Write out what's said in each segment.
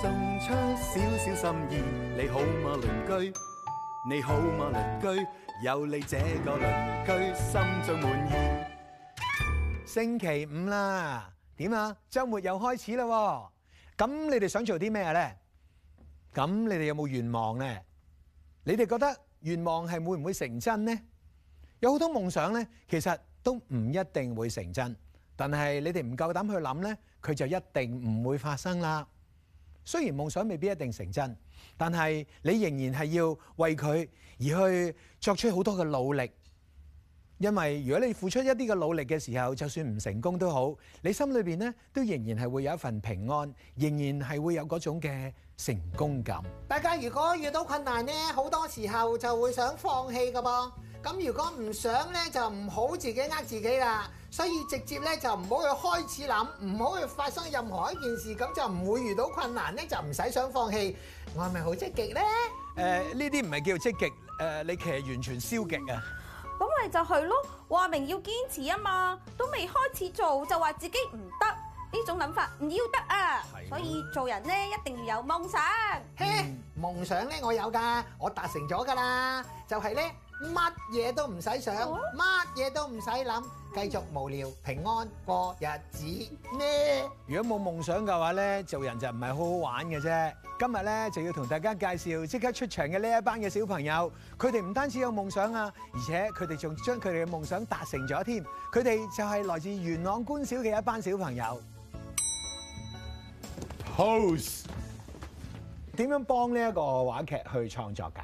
送出少少心意，你好嗎，鄰居？你好嗎，鄰居？有你這個鄰居，心中滿意。星期五啦，點啊？周末又開始啦，咁你哋想做啲咩咧？咁你哋有冇願望咧？你哋覺得願望係會唔會成真呢？有好多夢想咧，其實都唔一定會成真，但係你哋唔夠膽去諗咧，佢就一定唔會發生啦。雖然夢想未必一定成真，但係你仍然係要為佢而去作出好多嘅努力，因為如果你付出一啲嘅努力嘅時候，就算唔成功都好，你心裏邊咧都仍然係會有一份平安，仍然係會有嗰種嘅成功感。大家如果遇到困難呢，好多時候就會想放棄㗎噃。咁如果唔想咧，就唔好自己呃自己啦。所以直接咧就唔好去開始諗，唔好去發生任何一件事，咁就唔會遇到困難咧，就唔使想放棄。我係咪好積極咧？誒，呢啲唔係叫積極，誒，你其實完全消極啊！咁咪就係咯，話明要堅持啊嘛，都未開始做就話自己唔得，呢種諗法唔要得啊！所以做人咧一定要有夢想。嘿，夢想咧我有㗎，我達成咗㗎啦，就係咧。乜嘢都唔使想，乜嘢都唔使諗，繼續無聊，平安過日子咩？如果冇夢想嘅話咧，做人就唔係好好玩嘅啫。今日咧就要同大家介紹即刻出場嘅呢一班嘅小朋友，佢哋唔單止有夢想啊，而且佢哋仲將佢哋嘅夢想達成咗添。佢哋就係來自元朗官小嘅一班小朋友。Hose，點樣幫呢一個話劇去創作噶？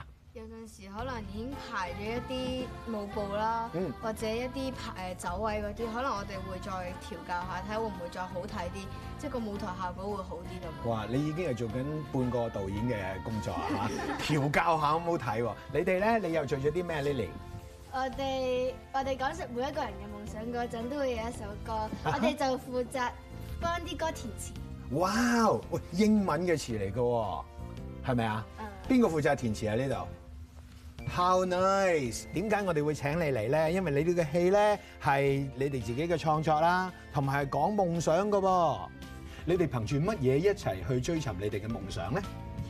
時可能已經排咗一啲舞步啦，嗯，或者一啲排誒走位嗰啲，可能我哋會再調教下，睇會唔會再好睇啲，即係個舞台效果會好啲咁。哇！你已經係做緊半個導演嘅工作 啊？調教下好唔好睇？你哋咧，你又做咗啲咩 Lily？我哋我哋講述每一個人嘅夢想嗰陣，都會有一首歌。啊、我哋就負責幫啲歌填詞。哇！喂，英文嘅詞嚟噶，係咪、嗯、啊？邊個負責填詞啊？呢度？How nice！點解我哋會請你嚟咧？因為你呢個戲咧係你哋自己嘅創作啦，同埋係講夢想㗎噃。你哋憑住乜嘢一齊去追尋你哋嘅夢想咧？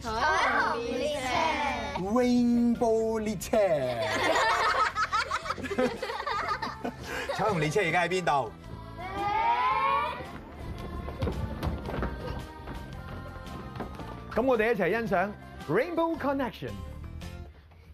彩虹列車，Rainbow 列車。彩虹列車而家喺邊度？咁我哋一齊欣賞《Rainbow Connection》。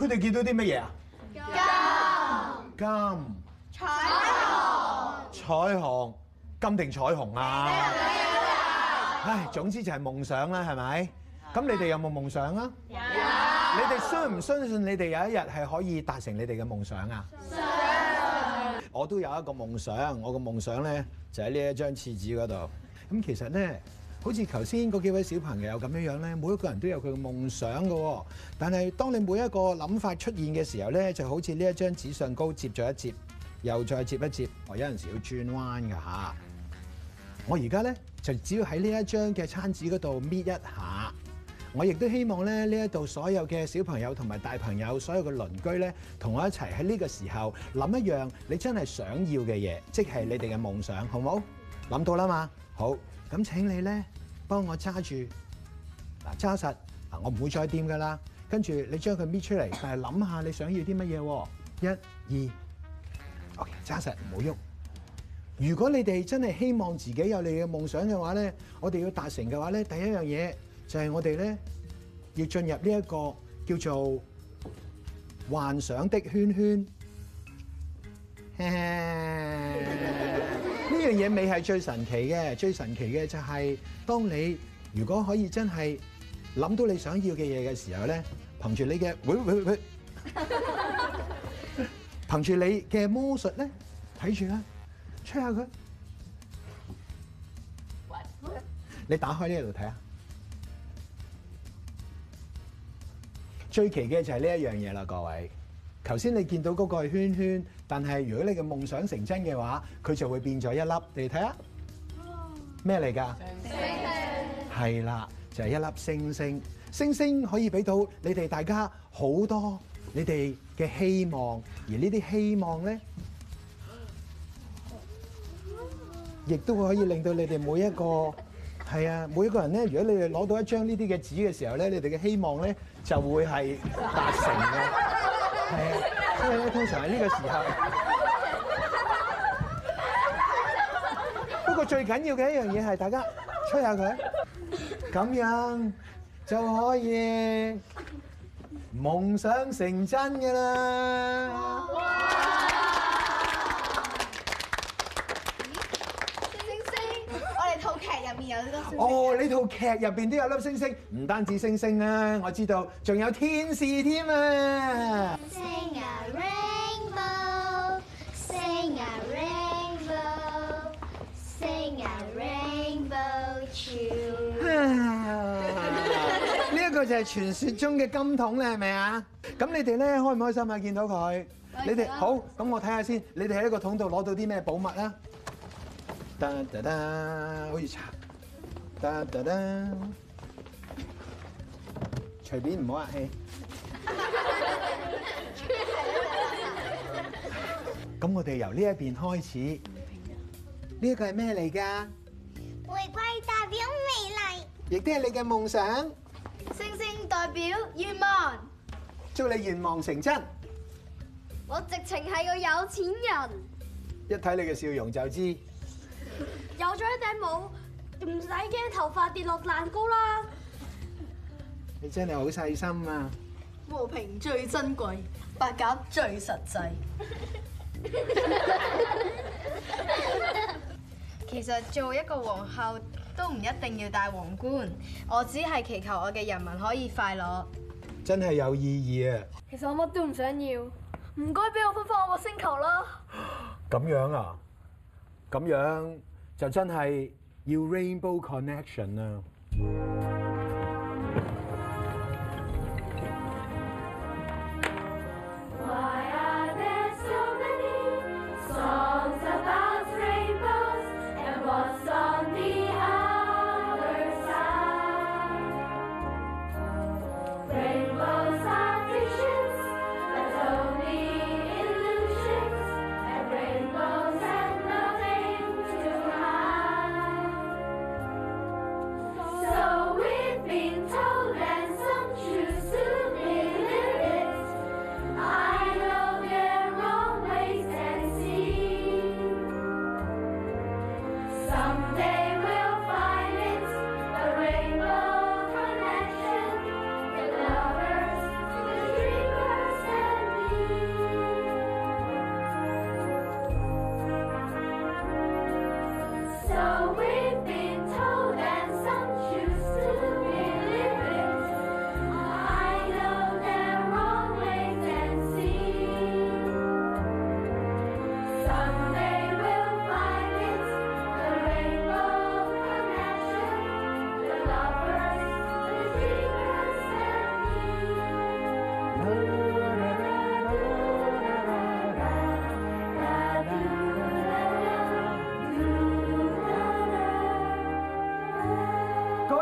佢哋見到啲乜嘢啊？金金彩虹彩虹金定彩虹啊！唉、哎，總之就係夢想啦，係咪？咁、啊、你哋有冇夢想啊？有。你哋信唔相信，信你哋有一日係可以達成你哋嘅夢想啊？信。我都有一個夢想，我個夢想咧就喺呢一張廁紙嗰度。咁其實咧。好似頭先嗰幾位小朋友咁樣樣咧，每一個人都有佢嘅夢想嘅喎。但係當你每一個諗法出現嘅時候咧，就好似呢一張紙上高接咗一接，又再接一接，我有陣時要轉彎㗎吓。我而家咧就只要喺呢一張嘅餐紙嗰度搣一下，我亦都希望咧呢一度所有嘅小朋友同埋大朋友，所有嘅鄰居咧，同我一齊喺呢個時候諗一樣你真係想要嘅嘢，即係你哋嘅夢想，好唔好？諗到啦嘛，好。咁請你咧幫我揸住，嗱揸實，我唔會再掂㗎喇。跟住你將佢搣出嚟，但係諗下你想要啲乜嘢？一、二，OK，揸實，唔好喐。如果你哋真係希望自己有你嘅夢想嘅話咧，我哋要達成嘅話咧，第一樣嘢就係我哋咧要進入呢一個叫做幻想的圈圈。呢樣嘢未係最神奇嘅，最神奇嘅就係、是，當你如果可以真係諗到你想要嘅嘢嘅時候咧，憑住你嘅，會會會，憑住你嘅魔術咧，睇住啦，吹下佢，你打開呢度睇下，最奇嘅就係呢一樣嘢啦，各位，頭先你見到嗰個圈圈。但係如果你嘅夢想成真嘅話，佢就會變咗一粒。你睇下，咩嚟㗎？星星，係啦，就係一粒星星。星星可以俾到你哋大家好多你哋嘅希望，而呢啲希望咧，亦都會可以令到你哋每一個。係啊，每個人咧。如果你哋攞到一張呢啲嘅紙嘅時候咧，你哋嘅希望咧就會係達成嘅。係啊。通常係呢個時候，不過最緊要嘅一樣嘢係大家吹下佢，咁樣就可以夢想成真㗎啦！星星，我哋套劇入面有粒。哦，呢套劇入邊都有粒星星，唔單止星星啊，我知道仲有天使添啊！就係傳説中嘅金桶咧，係咪啊？咁你哋咧開唔開心啊？見到佢，你哋好咁，我睇下先。你哋喺呢個桶度攞到啲咩寶物啊？嗒嗒嗒，會拆。嗒嗒嗒，隨便唔好客氣！咁我哋由呢一邊開始。呢個係咩嚟㗎？玫瑰代表未來，亦都係你嘅夢想。代表願望，祝你願望成真。我直情係個有錢人，一睇你嘅笑容就知。有咗一頂帽，唔使驚頭髮跌落爛膏啦。你真係好細心啊！和平最珍貴，白鴿最實際。其實做一個皇后，都唔一定要戴皇冠，我只係祈求我嘅人民可以快樂。真係有意義啊！其實我乜都唔想要，唔該俾我分返我個星球啦。咁樣啊？咁樣就真係要 Rainbow Connection 啦。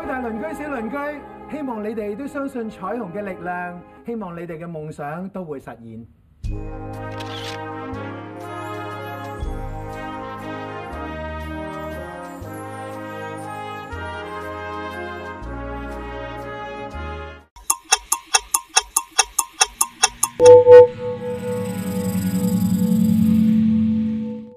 大鄰居，小鄰居，希望你哋都相信彩虹嘅力量，希望你哋嘅夢想都會實現。